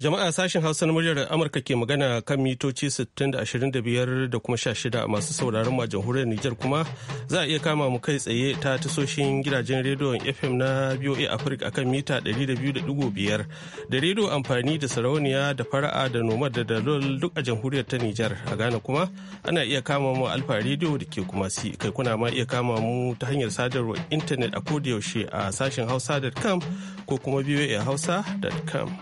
Jama'a sashen Hausa na muryar Amurka ke magana kan mitoci 60 da kuma 16 masu sauraron ma jamhuriyar Nijar kuma za a iya kama mu kai tsaye ta tasoshin gidajen rediyon FM na BOA Africa akan mita 200.5 da rediyo amfani da sarauniya da fara'a da nomad da dalol duk a jamhuriyar ta Nijar a Ghana kuma ana iya kama mu alfa rediyo da ke kuma si kai kuna ma iya kama mu ta hanyar sadarwar intanet a yaushe a sashen hausa.com ko kuma BOA Hausa.com.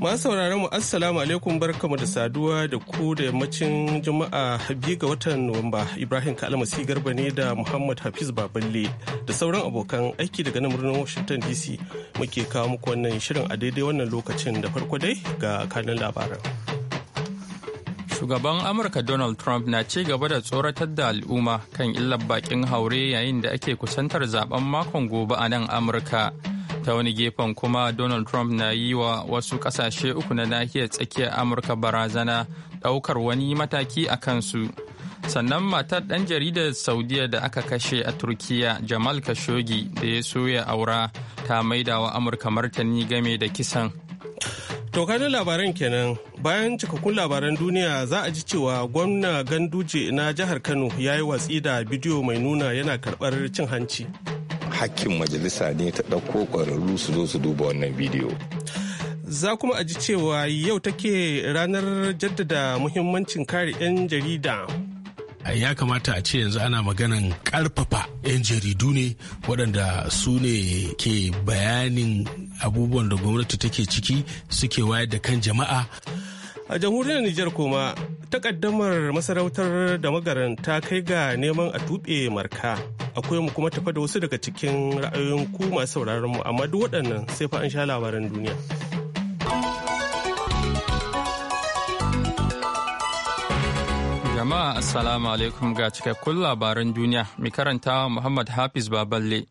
Masu sauraron mu assalamu alaikum barkamu da saduwa da ku da yammacin juma'a biyu ga watan Nuwamba Ibrahim Kalmasi Garba ne da Muhammad Hafiz Baballe da sauran abokan aiki daga nan birnin Washington DC muke kawo muku wannan shirin a daidai wannan lokacin da farko dai ga kanin labaran. shugaban amurka donald trump na ci gaba da tsoratar da al'umma kan illar bakin haure yayin da ake kusantar zaben makon gobe a nan amurka ta wani gefen kuma donald trump na yi wa wasu kasashe uku na nahiyar tsakiyar amurka barazana daukar wani mataki a kansu sannan matar ɗan jaridar saudiya da aka kashe a turkiyya jamal khashoggi da ya soya aura ta maida wa amurka martani game da kisan To kanin labaran kenan bayan cikakkun labaran duniya za a ji cewa gwamna ganduje na jihar Kano ya yi watsi da bidiyo mai nuna yana karbar cin hanci. hakkin majalisa ne ta ɗauko ƙwararru su zo su duba wannan bidiyo. Za kuma a ji cewa yau take ranar jaddada muhimmancin kare 'yan jarida ya kamata a ce yanzu ana maganan ƙarfafa 'yan jaridu ne waɗanda su ne ke bayanin abubuwan da gwamnati take ciki suke wayar da kan jama'a a jamhuriyar nijar kuma takaddamar masarautar da magaranta kai ga neman a tuɓe marka akwai mu kuma tafa da wasu daga cikin ra'ayoyin ku masu sauraron mu amma duk waɗannan sai fa an sha labaran duniya. Jama'a Assalamu alaikum ga cikakkun labaran duniya mai karanta Muhammad Hafiz Baballe.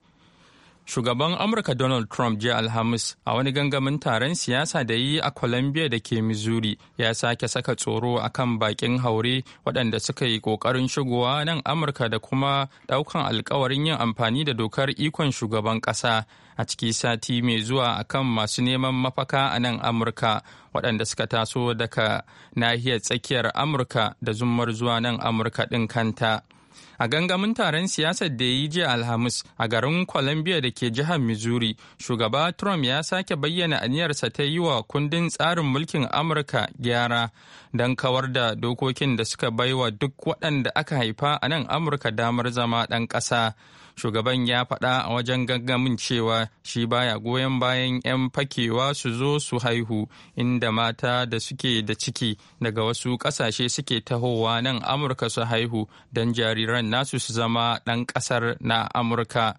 shugaban amurka donald trump jiya alhamis a wani gangamin taron siyasa da yi a colombia da ke missouri ya sake saka tsoro a kan bakin haure waɗanda suka yi ƙoƙarin shigowa nan amurka da kuma ɗaukan alkawarin yin amfani da dokar ikon shugaban ƙasa a ciki sati mai zuwa akan masu neman mafaka a nan amurka waɗanda suka taso daga nahiyar tsakiyar amurka da zumar zuwa nan amurka ɗin kanta A gangamin taron siyasar da yi jiya Alhamis a garin Columbia da ke jihar Missouri, shugaba Trump ya sake bayyana aniyarsa ta yi wa kundin tsarin mulkin Amurka gyara don kawar da dokokin da suka baiwa duk waɗanda aka haifa a nan Amurka damar zama ɗan ƙasa. shugaban ya faɗa a wajen gangamin cewa shi baya goyon bayan 'yan fakewa su zo su haihu inda mata da suke da ciki daga wasu ƙasashe suke tahowa nan amurka su haihu don jariran nasu su zama ɗan ƙasar na amurka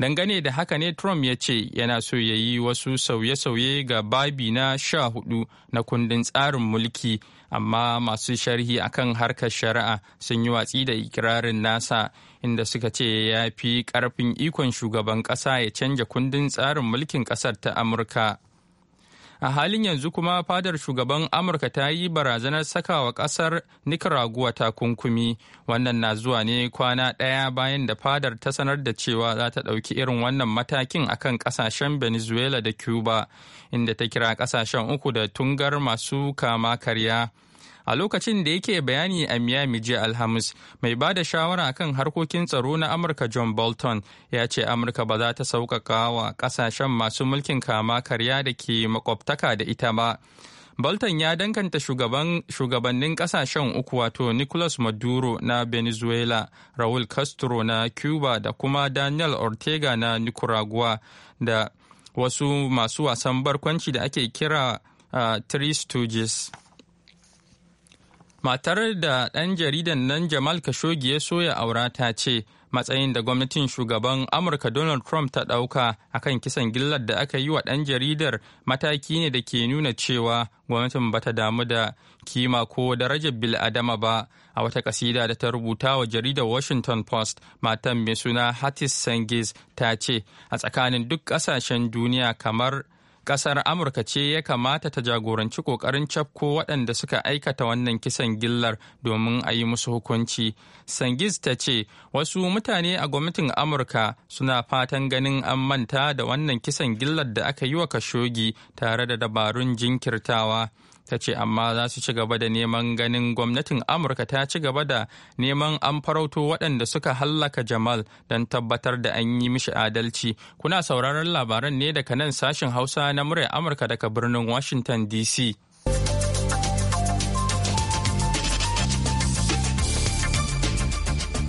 dangane da haka ne trump ya ce yana so ya yi wasu sauye-sauye ga babi na sha hudu na kundin tsarin mulki amma masu sharhi akan harkar shari'a sun yi watsi da ikirarin nasa inda suka ce ya fi karfin ikon shugaban ƙasa ya canja kundin tsarin mulkin ƙasar ta amurka a halin yanzu kuma fadar shugaban amurka ta yi barazanar sakawa kasar nicaragua takunkumi wannan na zuwa ne kwana ɗaya bayan da fadar ta sanar da cewa za ta ɗauki irin wannan matakin akan ƙasashen venezuela da cuba inda ta kira ƙasashen uku da tungar masu kama karya a lokacin da yake bayani a miami jiya alhamis mai ba da shawara kan harkokin tsaro na amurka john bolton ya ce amurka ba za ta sauƙaƙa wa ƙasashen masu mulkin kama karya da ke makwabtaka da ita ba bolton ya danganta shugabannin ƙasashen uku wato nicolas maduro na venezuela raul castro na cuba da kuma daniel ortega na nicaragua da wasu masu wasan barkwanci da ake kira uh, three stooges matar da ɗan jaridan nan jamal kashogi ya soya aura ta ce matsayin da gwamnatin shugaban amurka donald trump ta ɗauka a kan kisan gillar da aka yi wa ɗan jaridar mataki ne da ke nuna cewa gwamnatin ba ta damu da kima ko daraja darajar adama ba a wata kasida da ta rubuta wa jaridar washington post matan mai suna hattis sengiz ta ce a tsakanin duk ƙasashen duniya kamar kasar amurka ce ya kamata ta jagoranci kokarin cafko waɗanda suka aikata wannan kisan gillar domin a yi musu hukunci sangiz ta ce wasu mutane a gwamnatin amurka suna fatan ganin an manta da wannan kisan gillar da aka yi wa kashogi tare da dabarun jinkirtawa ta ce amma za su ci gaba da neman ganin gwamnatin amurka ta ci gaba da neman an farauto waɗanda suka hallaka jamal don tabbatar da an yi mishi adalci kuna sauraron labaran ne daga nan sashen hausa na murya amurka daga birnin washington dc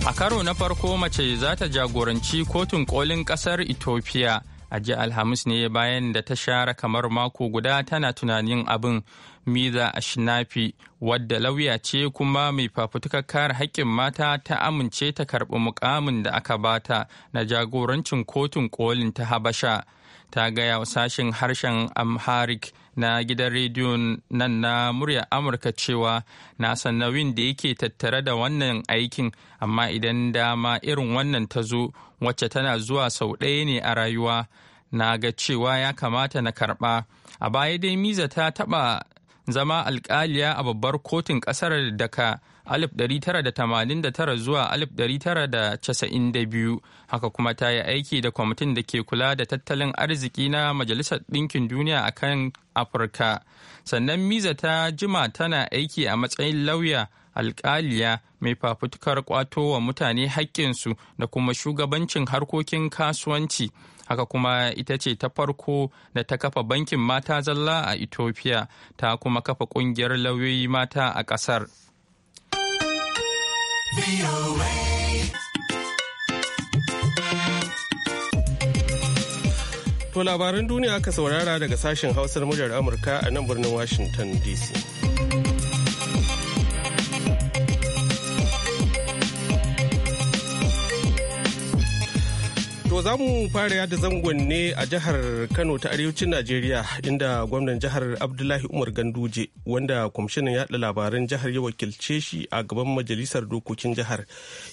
a karo na farko mace za ta jagoranci kotun kolin ƙasar ethiopia a ji alhamis ne bayan da ta share kamar mako guda tana tunanin abin miza a shinafi wadda lauya ce kuma mai fafutukar kare haƙƙin mata ta amince ta karɓi mukamin da aka bata na jagorancin kotun kolin ta habasha ta gaya wa sashen harshen amharic na gidan rediyon nan na murya amurka cewa na sannawin da yake tattare da wannan aikin amma idan dama irin wannan ta zo wacce tana zuwa sau ɗaya ne a rayuwa na ga cewa ya kamata na karɓa a baya dai miza ta taɓa zama alƙaliya a babbar kotun ƙasar daka 1989 zuwa 1992 haka kuma ta yi aiki da kwamitin da ke kula da tattalin arziki na majalisar ɗinkin duniya a kan afirka sannan miza ta jima tana aiki a matsayin lauya alkaliya mai fafutukar kwato wa mutane haƙƙinsu da kuma shugabancin harkokin kasuwanci haka kuma ita ce ta farko da ta kafa bankin mata zalla a ethiopia ta kuma kafa ƙungiyar lauyoyi mata a ƙasar. To labaran duniya aka saurara daga sashen hausar muryar Amurka a nan birnin Washington DC. To za mu fara yada zangon ne a jihar Kano ta arewacin Najeriya inda gwamnan jihar Abdullahi Umar Ganduje wanda kwamishinan yaɗa labaran jihar ya wakilce shi a gaban majalisar dokokin jihar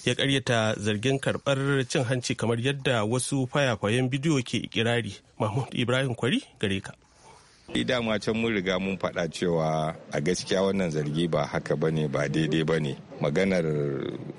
ya karyata zargin karbar cin hanci kamar yadda wasu fayafayen bidiyo ke ikirari. Mahmud Ibrahim Kwari gare ka. dama can mun riga mun faɗa cewa a gaskiya wannan zargi ba haka bane ba daidai bane maganar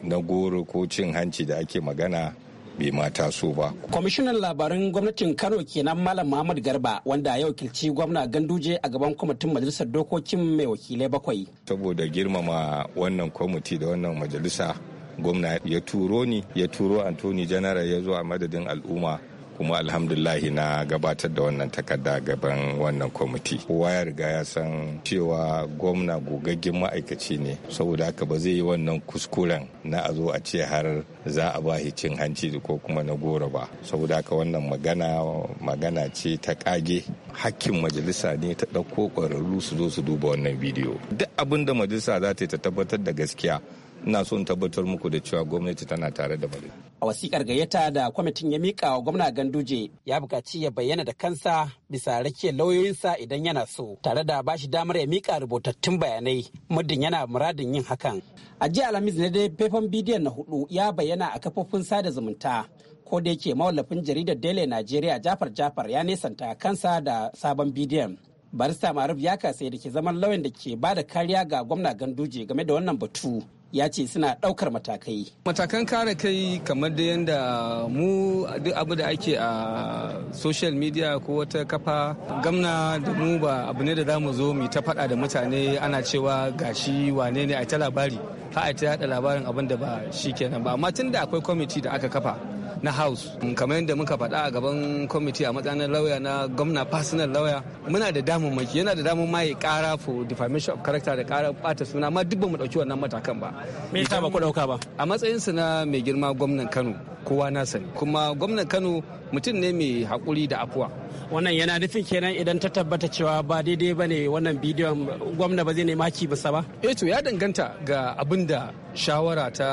na goro ko cin hanci da ake magana bai ma taso ba. Kwamishinan labaran gwamnatin Kano kenan Malam Muhammad Garba wanda ya wakilci gwamna Ganduje a gaban kwamitin majalisar dokokin mai wakilai bakwai. Saboda girmama wannan kwamiti da wannan majalisa gwamna ya turo ni ya turo Antoni Janara ya zo a madadin al'umma kuma alhamdulahi na gabatar da wannan takarda gaban wannan kwamiti kowa ya riga ya san cewa gwamna gogaggen ma'aikaci ne saboda haka ba zai yi wannan kuskuren na a zo a ce har za a ba cin hanci ko kuma na goro ba saboda haka wannan magana magana ce ta kage hakkin majalisa ne ta ɗauko ƙwararru su zo su duba wannan bidiyo duk abin da majalisa za ta yi ta tabbatar da gaskiya ina son tabbatar muku da cewa gwamnati tana tare da majalisa a wasikar gayyata da kwamitin ya mika wa gwamna ganduje ya buƙaci ya bayyana da kansa bisa rakiyar lauyoyinsa idan yana so tare da ba shi damar ya mika rubutattun bayanai muddin yana muradin yin hakan a jiya alhamis ne dai faifan bidiyon na hudu ya bayyana a kafofin sada zumunta ko da yake mawallafin jaridar daily najeriya jafar jafar ya nesanta kansa da sabon bidiyon barista maruf ya kasa da ke zaman lauyan da ke ba da kariya ga gwamna ganduje game da wannan batu ya ce suna ɗaukar matakai. Matakan kare kai kamar da yadda mu duk abu da ake a social media ko wata kafa gamna da mu ba abu ne da za mu zo mu ta faɗa da mutane ana cewa gashi wane ne a ta labari ha a ta yada labarin abin da ba shi kenan ba amma tun da akwai kwamiti da aka kafa na house mm, kamar yadda muka faɗa a gaban kwamiti a matsayin lauya na gwamna personal lauya muna da damun maki yana da damun ma ya kara for defamation of character da kara bata suna ma duk ba mu dauki wannan matakan ba me yasa ba ku dauka ba a matsayin su na mai girma gwamnan Kano kowa na sani kuma gwamnan Kano mutum ne mai hakuri da afuwa wannan yana nufin kenan idan ta tabbata cewa ba daidai ba ne wannan bidiyon gwamna ba zai nema ki sa ba eh to ya danganta ga abin da shawara ta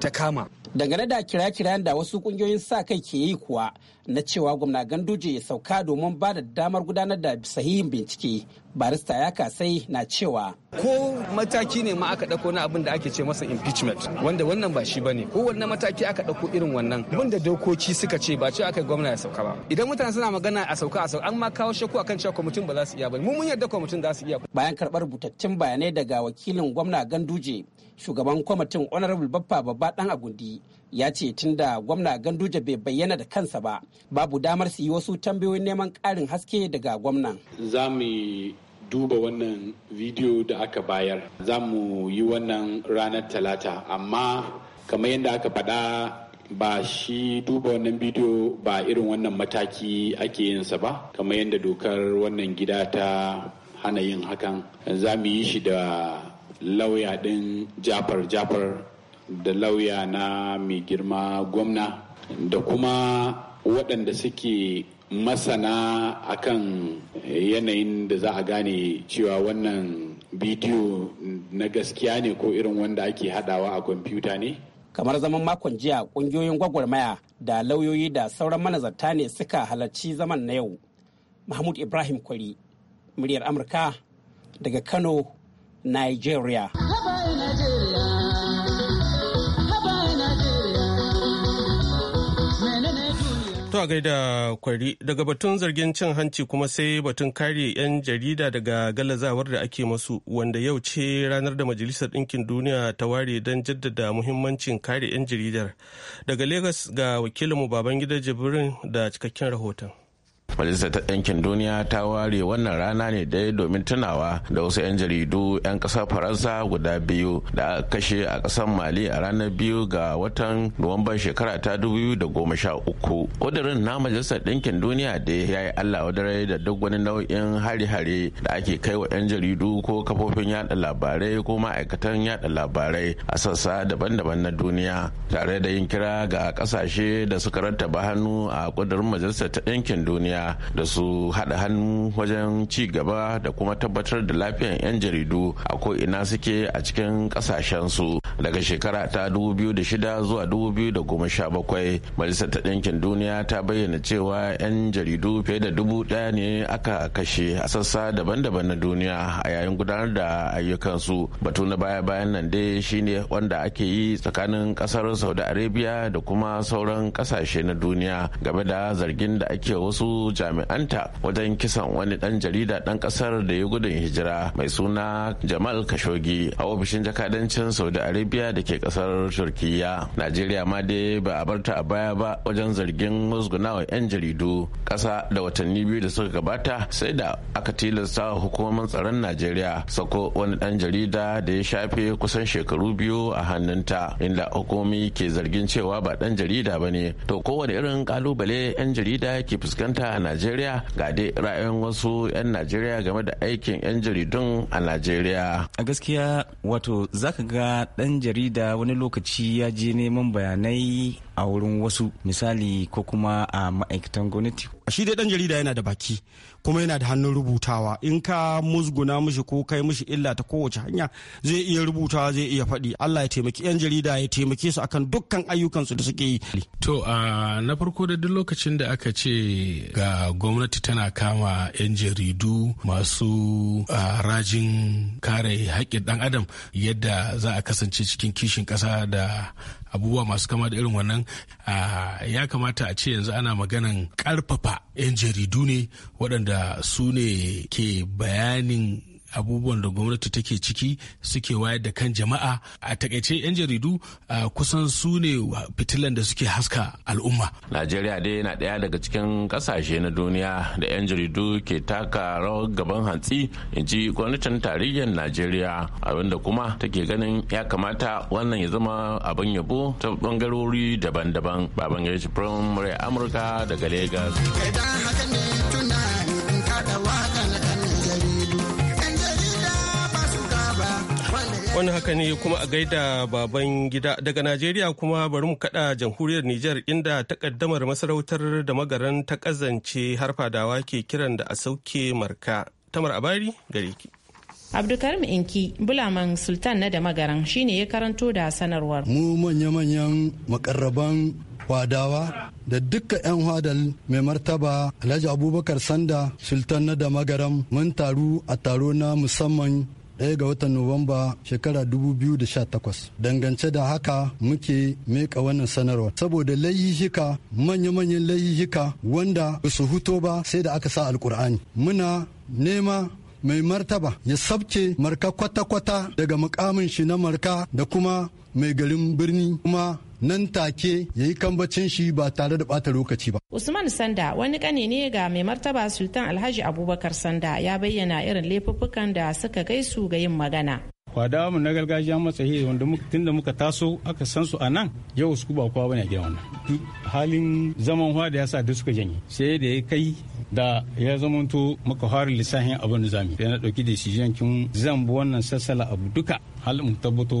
ta kama dangane da kira-kiran da wasu kungiyoyin sa kai ke yi kuwa na cewa gwamna ganduje ya sauka domin ba da damar gudanar da sahihin bincike barista ya kasai na cewa ko mataki ne ma aka dauko na abin da ake ce masa impeachment wanda wannan ba shi bane ko wannan mataki aka dauko irin wannan abin da dokoki suka ce ba ce aka gwamna ya sauka ba idan mutane suna magana a sauka a sauka an ma kawo shakku akan cewa kwamitin ba za su iya ba mu mun yarda kwamitin za su iya bayan karɓar rubutattun bayanai daga wakilin gwamna ganduje shugaban kwamitin honorable baffa babba dan agundi ya ce tun da gwamna ganduje bai bayyana da kansa ba babu damar su yi wasu tambayoyin neman ƙarin haske daga gwamnan za mu duba wannan video da aka bayar za mu yi wannan ranar talata amma kamar yadda aka faɗa ba shi duba wannan bidiyo ba irin wannan mataki ake yinsa ba kamar yadda dokar wannan gida ta hana yin hakan za mu yi shi da lauya ɗin jafar jafar da lauya na mai girma gwamna da kuma waɗanda suke masana akan yanayin da za a gane cewa wannan bidiyo na gaskiya ne ko irin wanda ake hadawa a kwamfuta ne kamar zaman makon jiya ƙungiyoyin gwagwarmaya da lauyoyi da sauran manazarta ne suka halarci zaman na yau mahmud ibrahim kwari muryar amurka daga kano Nigeria. To a gaida kwari daga batun zargin cin hanci kuma sai batun kare 'yan jarida daga galazawar da ake masu wanda yau ce ranar da majalisar ɗinkin duniya ta ware don jaddada muhimmancin kare 'yan jaridar. Daga Legas ga wakilinmu baban Babangida Jibrin da cikakken rahoton. majalisar ta ɗinkin duniya ta ware wannan rana ne dai domin tunawa da wasu 'yan jaridu 'yan kasar faransa guda biyu da kashe a ƙasar mali a ranar biyu ga watan nuwamban shekara ta da goma sha uku. ƙudurin na majalisar ɗinkin duniya da ya yi allah wadarai da duk wani nau'in hare-hare da ake kai wa 'yan jaridu ko kafofin yada labarai ko ma'aikatan yada labarai a sassa daban-daban na duniya tare da yin kira ga kasashe da suka rattaba hannu a ƙudurin majalisar ta ɗinkin duniya da su haɗa hannu wajen ci gaba da kuma tabbatar da lafiyar 'yan jaridu a ko'ina suke a cikin ƙasashensu daga shekara ta 2006 zuwa 2017 majalisar ta ɗinkin duniya ta bayyana cewa 'yan jaridu fiye da dubu ɗaya ne aka kashe a sassa daban-daban na duniya a yayin gudanar da ayyukansu batu na baya-bayan nan dai shine wanda ake yi tsakanin ƙasar saudi arabia da kuma sauran ƙasashe na duniya game da zargin da ake wasu jami'anta wajen kisan wani dan jarida dan kasar da ya gudun hijira mai suna jamal kashogi a ofishin jakadancin saudi arabia da ke kasar turkiya najeriya ma dai ba a barta a baya ba wajen zargin musgunawa 'yan jaridu kasa da watanni biyu da suka gabata sai da aka tilasta hukumomin tsaron najeriya sako wani dan jarida da ya shafe kusan shekaru biyu a hannunta inda hukumomi ke zargin cewa ba dan jarida ba ne to kowane irin kalubale 'yan jarida ke fuskanta a najeriya ga dai ra'ayin wasu 'yan najeriya game da aikin 'yan jaridun a najeriya a gaskiya wato zaka ga ɗan jarida wani lokaci ya je neman bayanai a wurin wasu misali ko kuma a ma'aikatan gwamnati shi dai dan jarida yana da baki kuma yana da hannun rubutawa in ka musguna mishi ko kai mishi illa ta kowace hanya zai iya rubutawa zai iya faɗi Allah ya taimaki yan jarida ya taimake su akan dukkan ayyukan su da suke yi to a na farko da duk lokacin da aka ce ga gwamnati tana kama yan jaridu masu rajin kare haƙƙin dan adam yadda za a kasance cikin kishin kasa da abubuwa masu kama da irin wannan ya kamata a ce yanzu ana maganan karfafa. 'yan jaridu ne waɗanda su ne ke bayanin abubuwan da gwamnati take ciki suke wayar da kan jama'a a takaice 'yan jaridu kusan su ne fitilan da suke haska al'umma najeriya dai yana ɗaya daga cikin ƙasashe na duniya da 'yan jaridu ke taka rawar gaban hantsi in ji gwamnatin tarihin najeriya abinda kuma take ganin ya kamata wannan ya zama abin yabo ta bangarori daban-daban baban gaji firamare amurka daga lagos wani haka ne kuma a gaida baban gida daga najeriya kuma bari mu kada jamhuriyar niger inda takaddamar masarautar da magaran ta kazance har fadawa ke kiran da a sauke marka tamar abari gare ki abdulkarim inki bulaman sultan na da magaran shine ya karanto da sanarwar mu manya-manyan makarraban fadawa da duka 'yan hadal mai martaba alhaji abubakar sanda sultan na da magaram mun taru a taro na musamman daya ga watan nuwamba shekara 2018 dangance da haka muke meka wannan sanarwar saboda layyihika manya-manyan layyihika wanda ba su huto ba sai da aka sa alkur'ani muna nema mai martaba ya sabke marka kwata-kwata daga mukamin shi na marka da kuma mai garin birni kuma nan take ya yi kambacin shi ba tare da bata lokaci ba. Usman Sanda wani kane ne ga mai martaba Sultan Alhaji Abubakar Sanda ya bayyana irin laifuffukan da suka gaisu ga yin magana. Kwada mu na gargajiya matsayi wanda tun da muka taso aka san su a nan yau su ba kowa bane gidan wannan. Halin zaman hwa da ya sa duk suka janye sai da ya kai da ya zamanto muka fara lissafin abin da zami. Sai na dauki decision kin zan bi wannan sassala abu duka hal mu tabbato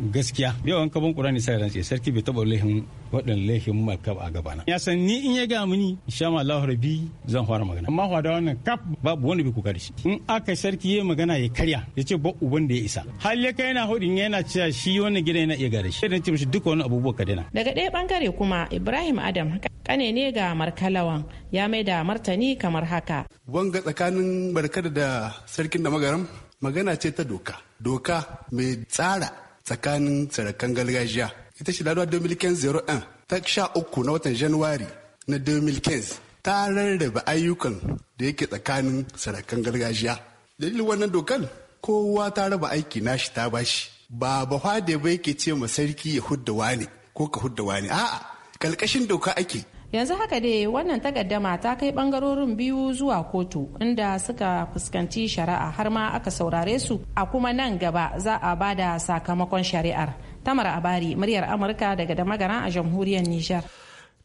gaskiya an kaban kurani sai ran sarki bai taba lahin wadan lahin makab a gabana ya san ni in ya ga mini insha Allah rabbi zan fara magana amma da wannan kap babu wani bi ku kare shi in aka sarki yayi magana ya karya ya ce ba uban da ya isa har ya kai na hodin yana cewa shi wannan gida yana iya gare shi dan ce mishi duka wani abubuwa ka daina daga ɗaya bangare kuma Ibrahim Adam kane ne ga markalawan ya mai da martani kamar haka wanga tsakanin barkada da sarkin da magaram magana ce ta doka doka mai tsara tsakanin sarakan gargajiya ita ce laluwa 2001 ta sha uku na watan januwari na 2015 ta rarraba ayyukan da yake tsakanin sarakan gargajiya dalilin wannan dokan kowa ta raba aiki na shi ta bashi ba ba da ba yake ce ma sarki ya hudda wani ko ka hudda wani a'a kalkashin doka ake yanzu haka dai wannan takaddama ta kai bangarorin biyu zuwa kotu inda suka fuskanci shari'a har ma aka saurare su a kuma nan gaba za a ba da sakamakon shari'ar tamar abari muryar amurka daga magana a jamhuriyar nijar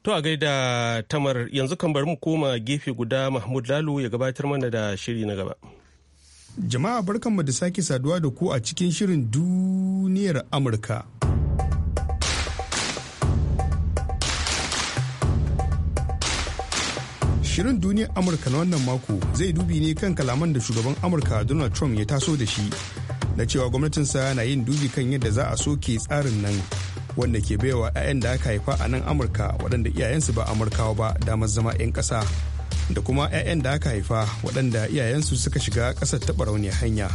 to a gaida tamar yanzu kan bari mu koma gefe guda mahmud lalu ya gabatar mana da shiri na gaba jama'a barkanmu da sake saduwa da ku a cikin shirin duniyar amurka Shirin duniyar Amurka na wannan mako zai dubi ne kan kalaman da shugaban Amurka Donald Trump ya taso da shi na cewa gwamnatinsa na yin dubi kan yadda za a soke tsarin nan wanda ke baiwa 'ya'yan da aka haifa a nan Amurka waɗanda iyayensu ba Amurkawa ba damar zama 'yan ƙasa da kuma 'ya'yan da aka haifa waɗanda iyayensu suka shiga ƙasar ta barauniya hanya.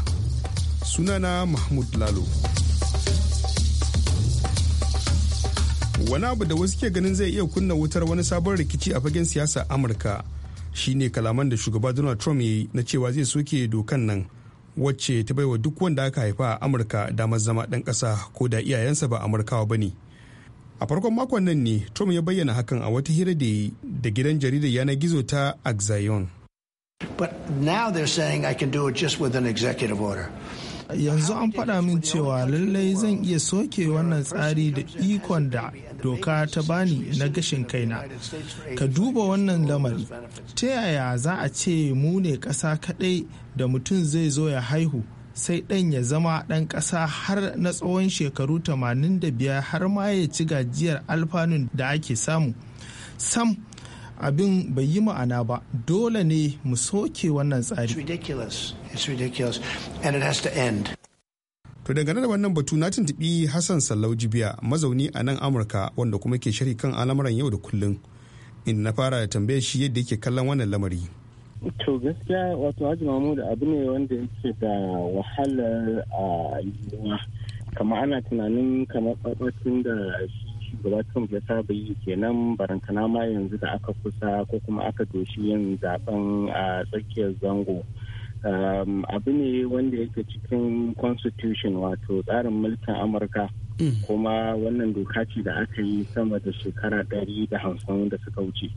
Sunana Mahmud Lalo. wani abu da wasu ke ganin zai iya kunna wutar wani sabon rikici a fagen siyasa amurka shine kalaman da shugaba donald trump ya yi na cewa zai soke dokan nan wacce ta baiwa duk wanda aka haifa a amurka damar zama dan kasa ko da iyayensa ba amurkawa ba ne a farkon makon nan ne trump ya bayyana hakan a wata hira da yi da gidan jaridar yanar gizo ta axion yanzu an faɗa min cewa lallai zan iya soke wannan tsari da ikon da doka ta bani na gashin kaina ka duba wannan lamari ta yaya za a ce mu ne ƙasa kaɗai da mutum zai zo ya haihu sai ɗan ya zama ɗan ƙasa har na tsawon shekaru 85 har ma ya ci gajiyar alfanun da ake samu sam abin bai yi ma'ana ba dole ne mu soke wannan tsari To dangane da wannan batu na tuntubi Hassan Sallau Jibiya mazauni a nan Amurka wanda kuma ke shiri kan al'amuran yau da kullum. Inda na fara da tambayar shi yadda yake kallon wannan lamari. To gaskiya wato Haji Mahmud abu ne wanda yake da wahalar a yiwuwa. Kamar ana tunanin kamar ɓaɓɓacin da shi shugaba Trump ya saba yi kenan barantana ma yanzu da aka kusa ko kuma aka doshi yin zaben a tsakiyar zango. Um, abu ne wanda yake cikin constitution wato tsarin mulkin amurka mm. kuma wannan doka ce da aka yi sama da shekara ɗari da hamsin da suka wuce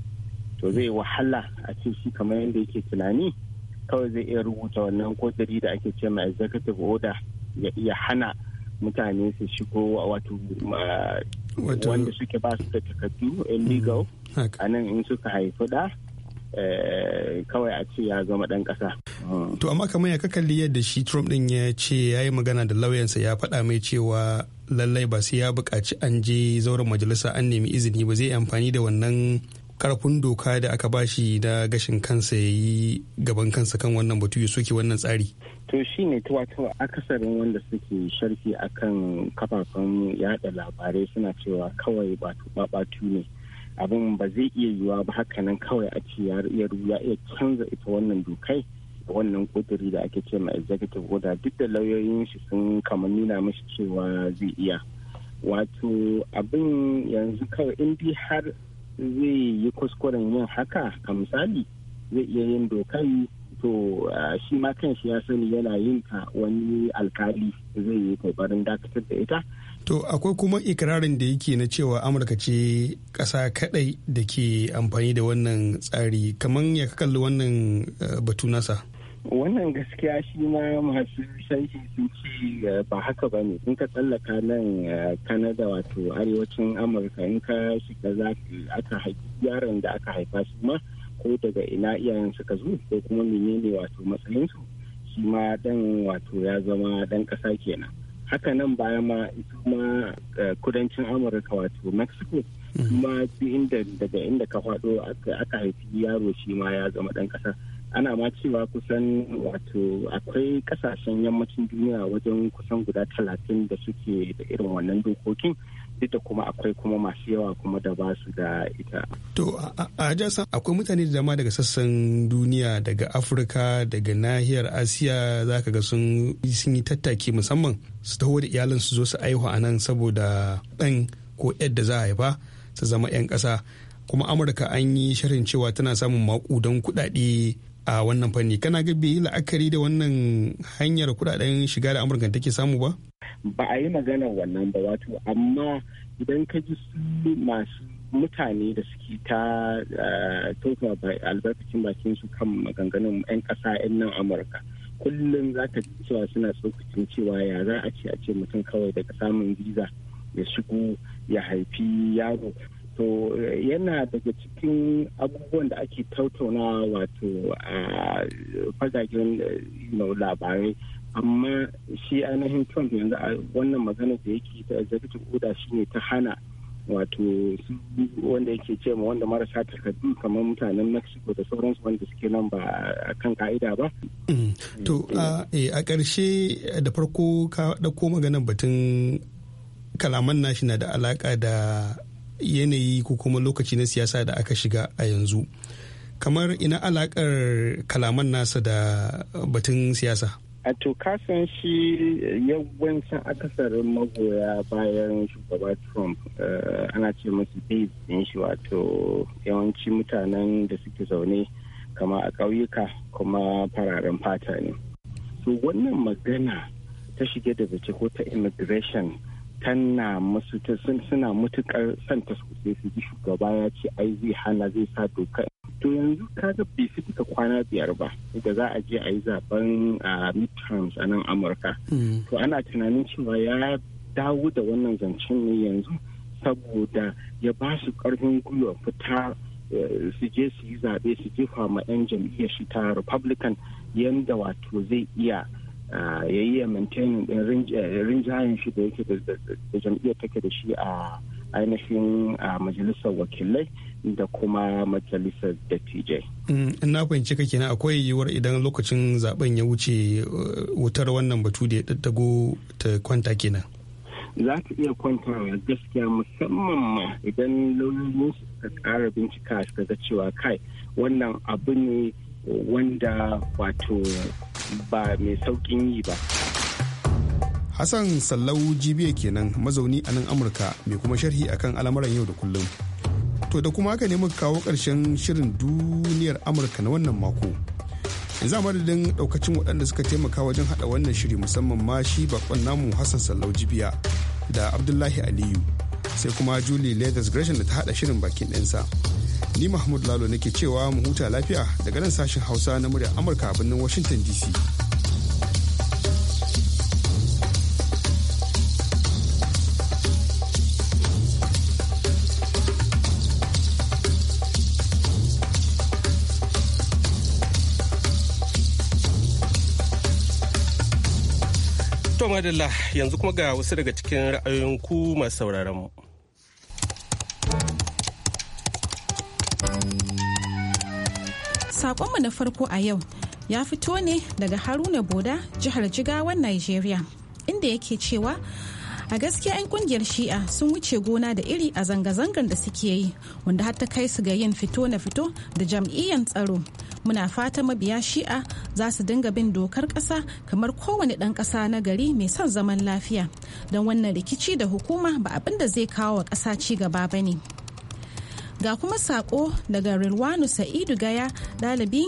to zai wahala a ce shi kamar yadda yake tunani kawai zai iya rubuta wannan kodari da ake ce ma executive order ya iya hana mutane su shigo wato wanda suke ba su da takardu illegal mm, a nan in suka haifi da Eh, kawai a ce ya zama ɗan ƙasa. To amma kamar ya kakalli yadda shi Trump ɗin ya ce ya yi magana da lauyansa ya faɗa mai cewa lallai ba sai ya buƙaci an je zauren majalisa an nemi izini ba zai amfani da wannan karfin doka da aka bashi da gashin kansa ya yi gaban kansa kan wannan batu ya soke wannan tsari. To shi ne ta wato akasarin wanda suke sharki akan kafafen yada labarai suna cewa kawai batu ne. abin ba zai iya yiwuwa ba haka nan kawai a ce ya iya canza ita wannan dokai da wannan kuduri da ake ce ma executive order duk da lauyoyin shi sun kamar nuna mashi cewa zai iya wato abin yanzu kawai in dai har zai yi kuskuren yin haka a misali zai iya yin dokai to shi ma kan shi ya sani yana yin ta wani alkali zai yi kokarin dakatar da ita To akwai kuma ikirarin da yake na cewa Amurka ce kasa kadai da ke amfani da wannan tsari kamar ya kalli wannan eh, batu nasa. Wannan gaskiya shi ma masu shanshi sun ce eh, ba haka ba ne. In ka tsallaka nan Kanada eh, wato arewacin Amurka in ka shiga za aka haifi yaran da aka haifa su ma ko daga ina iyayen suka zo ko kuma menene wato matsayinsu shi ma dan wato ya zama dan kasa kenan. haka nan baya ma kuma eh, kudancin amurka wato mexico mhm. kuma inda daga inda ka faɗo aka haifi yaro shi ma ya zama ɗan ƙasa ana ma cewa kusan wato akwai ƙasashen yammacin duniya wajen kusan guda talatin da suke da irin wannan dokokin ita kuma akwai kuma masu yawa kuma da ba su da ita. To a jasa akwai mutane da dama daga sassan duniya daga Afirka daga nahiyar Asiya za ka ga sun yi tattaki musamman su taho da iyalin su zo su aihu a nan saboda ɗan ko yadda za a haifa su zama 'yan ƙasa kuma Amurka an yi shirin cewa tana samun makudan kuɗaɗe a wannan fanni kana ga bai yi la'akari da wannan hanyar kuɗaɗen shiga da Amurka take samu ba? ba a yi maganar wannan ba wato amma idan ka ji su masu mutane da suke ta eh, tofa albarkacin bakin su kan maganganun 'yan ƙasa 'yan nan amurka kullum za ka cewa suna tsokacin cewa ya za a ce a ce mutum kawai daga samun visa ya shigo ya haifi yaro to yana daga cikin abubuwan da ake tautaunawa wato a eh, fagagen eh, labarai amma shi ainihin trump yanzu a wannan magana da yake ta executive order ne ta hana wato wanda yake ce ma wanda marasa takardu kamar mutanen mexico da sauransu wanda suke nan ba a kan ka'ida ba mm. to eh, a ƙarshe da farko ka ɗauko maganar batun kalaman nashi na da alaƙa da yanayi ko kuma lokaci na siyasa da aka shiga a yanzu kamar ina alaƙar kalaman nasa da batun siyasa a to kasan shi eh, yawancin akasarin magoya bayan shugaba trump eh, ana ce masu base din shi wato yawanci mutanen da suke zaune kama a ƙauyuka kuma fararen fata ne to wannan magana ta shige da zace ko ta immigration tana musu suna mutukar santa sosai su ji shugaba ya ce ai zai hana zai sa doka to yanzu kaga bai fi duka kwana biyar ba da za a je a yi zaben midterms a nan amurka hmm. to ana tunanin cewa ya dawo da wannan zancen ne yanzu saboda ya ba su karfin gwiwa fita eh, su je su yi zaɓe su jefa ma 'yan jam'iyyar shi ta republican yadda wato zai iya ya yi ya maintain rinjayen shi da yake da jam'iyyar take da shi a ainihin majalisar wakilai da kuma majalisar dattijai. Mm, in na fahimci ka kenan akwai yiwuwar idan lokacin zaben ya wuce uh, wutar wannan batu da ya daddago ta kwanta kenan za ta iya kwantawa gaskiya musamman ma idan lauyoyin suka kara bincika suka ga cewa kai wannan abu ne wanda wato ba mai saukin yi ba Hassan Sallau Jibiya kenan mazauni a nan Amurka mai kuma sharhi akan al'amuran yau da kullum. To da kuma haka ne muka kawo ƙarshen shirin duniyar Amurka na wannan mako. Yanzu a madadin ɗaukacin waɗanda suka taimaka wajen haɗa wannan shiri musamman ma shi bakon namu Hassan Sallau Jibiya da Abdullahi Aliyu sai kuma Julie Leathers Gresham da ta haɗa shirin bakin ɗinsa. Ni Mahmud Lalo nake cewa mu huta lafiya daga nan sashen Hausa na muryar Amurka a birnin Washington DC. madalla yanzu kuma ga wasu daga cikin ra'ayoyin ku masu sauraron mu. Sakonmu na farko a yau ya fito ne daga Haruna Boda jihar Jigawan Nigeria inda yake cewa a gaskiya 'yan kungiyar shi'a sun wuce gona da iri a zanga-zangar da suke yi wanda har ta kai su ga yin fito na fito da jam'iyyar tsaro muna fata mabiya shi'a za su dinga bin dokar ƙasa kamar kowane ɗan ƙasa na gari mai son zaman lafiya don wannan rikici da hukuma ba abin da zai kawo wa ƙasa ci gaba ba ne ga kuma saƙo daga rilwanu sa'idu gaya ɗalibi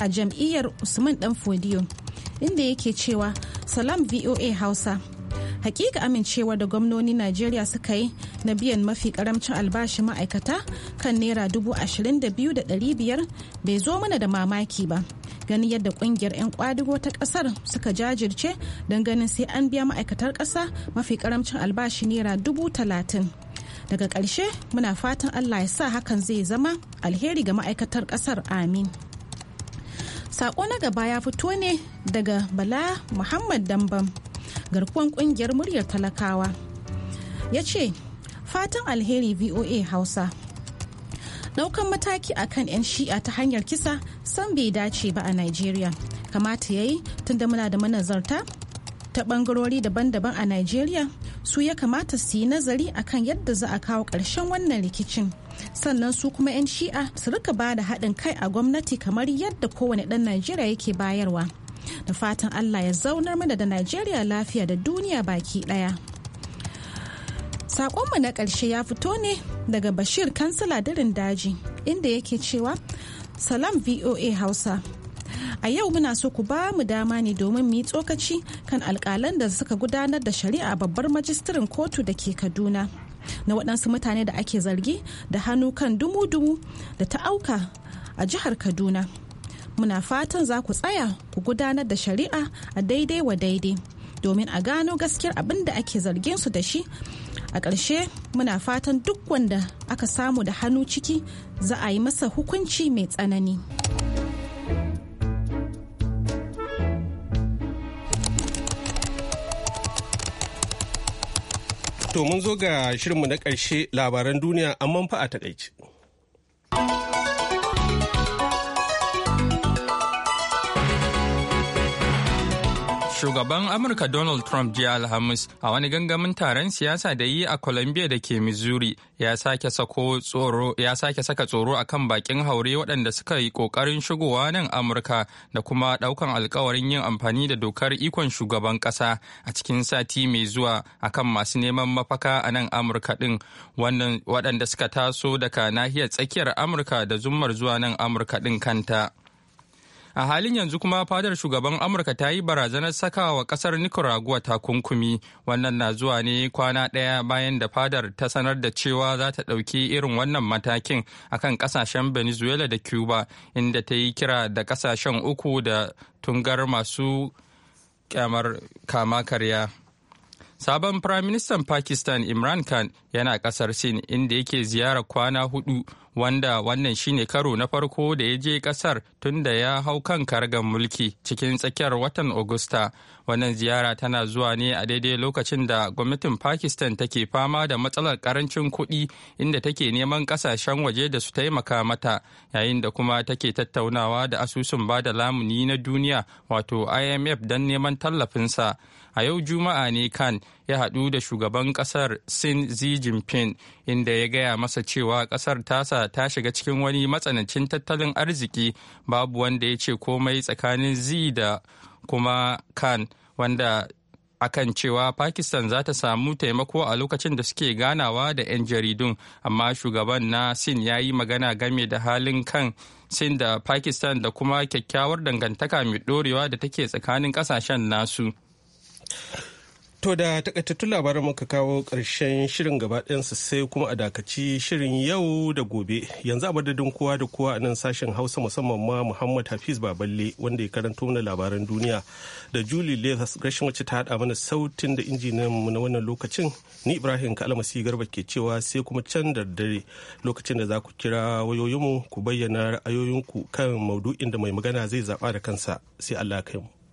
a jam'iyyar usman dan fodiyo inda yake cewa salam voa hausa hakika amincewa da gwamnoni najeriya suka yi na biyan mafi karamcin albashi ma'aikata kan naira dubu ashirin da biyu da ɗari biyar bai zo mana da mamaki ba ganin yadda kungiyar 'yan kwadugo ta kasar suka jajirce don ganin sai an biya ma'aikatar kasa mafi karamcin albashi naira dubu talatin daga ƙarshe muna fatan allah ya sa hakan zai zama alheri ga ma'aikatar kasar amin sako na gaba ya fito ne daga bala muhammad dambam garkuwan kungiyar muryar talakawa ya ce fatan alheri voa hausa daukan mataki a kan 'yan shi'a ta hanyar kisa san bai dace ba a nigeria kamata ya yi tunda muna da manazarta ta bangarori daban-daban a nigeria su ya kamata su yi nazari akan yadda za a kawo ƙarshen wannan rikicin. Sannan su kuma 'yan shi'a su rika ba da haɗin kai a gwamnati kamar yadda kowane ɗan Najeriya yake bayarwa. da fatan allah ya zaunar mana da najeriya lafiya da duniya baki daya saƙonmu na ƙarshe ya fito ne daga Bashir kansila darin daji inda yake cewa Salam VOA Hausa. A yau muna so ku ba mu dama ne domin mu yi tsokaci kan alƙalan da suka gudanar da shari'a a babbar majistirin kotu da ke Kaduna. Na waɗansu mutane da ake zargi da hannu kan dumu-dumu da ta auka a jihar Kaduna. muna fatan za ku tsaya ku gudanar da shari'a a daidai wa daidai domin a gano gaskiyar abin da ake zargin su da shi a ƙarshe muna fatan duk wanda aka samu da hannu ciki za a yi masa hukunci mai tsanani to mun zo ga shirinmu na ƙarshe labaran duniya amma fa a takaice. Shugaban Amurka Donald Trump jiya Alhamis a wani gangamin taron siyasa da yi a Columbia da ke Missouri ya sake saka tsoro a kan bakin haure waɗanda suka yi ƙoƙarin shigowa nan Amurka da kuma ɗaukan alkawarin yin amfani da dokar ikon shugaban ƙasa a cikin sati mai zuwa a kan masu neman mafaka a nan Amurka ɗin waɗanda suka taso daga nahiyar tsakiyar Amurka da zumar zuwa nan Amurka ɗin kanta. a halin yanzu kuma fadar shugaban amurka ta yi barazanar saka wa kasar nicaragua takunkumi wannan na zuwa ne kwana ɗaya bayan da fadar ta sanar da cewa za ta ɗauki irin wannan matakin akan kasashen venezuela da cuba inda ta yi kira da kasashen uku da tungar masu kyamar kama karya sabon firaministan pakistan imran khan yana kasar sin inda yake ziyarar kwana hudu wanda wannan shine karo na farko da ya je kasar tun da ya hau kan kargan mulki cikin tsakiyar watan Agusta. Wannan ziyara tana zuwa ne a daidai lokacin da gwamnatin Pakistan take fama da matsalar karancin kuɗi inda take neman ƙasashen waje da su taimaka mata yayin da kuma take tattaunawa da asusun bada lamuni na duniya wato IMF don neman tallafinsa. a yau juma'a ne kan ya haɗu da shugaban ƙasar sin xi jinping inda ya gaya masa cewa ƙasar tasa ta shiga cikin wani matsanancin tattalin arziki babu wanda ya ce komai tsakanin Z da kuma Khan wanda akan cewa Pakistan za ta samu taimako a lokacin da suke ganawa da 'yan jaridun amma shugaban na Sin ya yi magana game da halin kan Sin da Pakistan da kuma kyakkyawar dangantaka mai dorewa da take tsakanin kasashen nasu. To da takaitattun labaran muka kawo karshen shirin gabaɗayansa sai kuma a dakaci shirin yau da gobe. Yanzu a madadin kowa da kowa a nan sashen Hausa musamman ma Muhammad Hafiz Baballe wanda ya karanto mana labaran duniya da juli Lathas gashin wacce ta haɗa mana sautin da injinan mu na wannan lokacin. Ni Ibrahim Kalmasi Garba ke cewa sai kuma can da dare lokacin da za ku kira wayoyinmu ku bayyana ra'ayoyinku kan maudu'in da mai magana zai zaɓa da kansa sai Allah kai mu.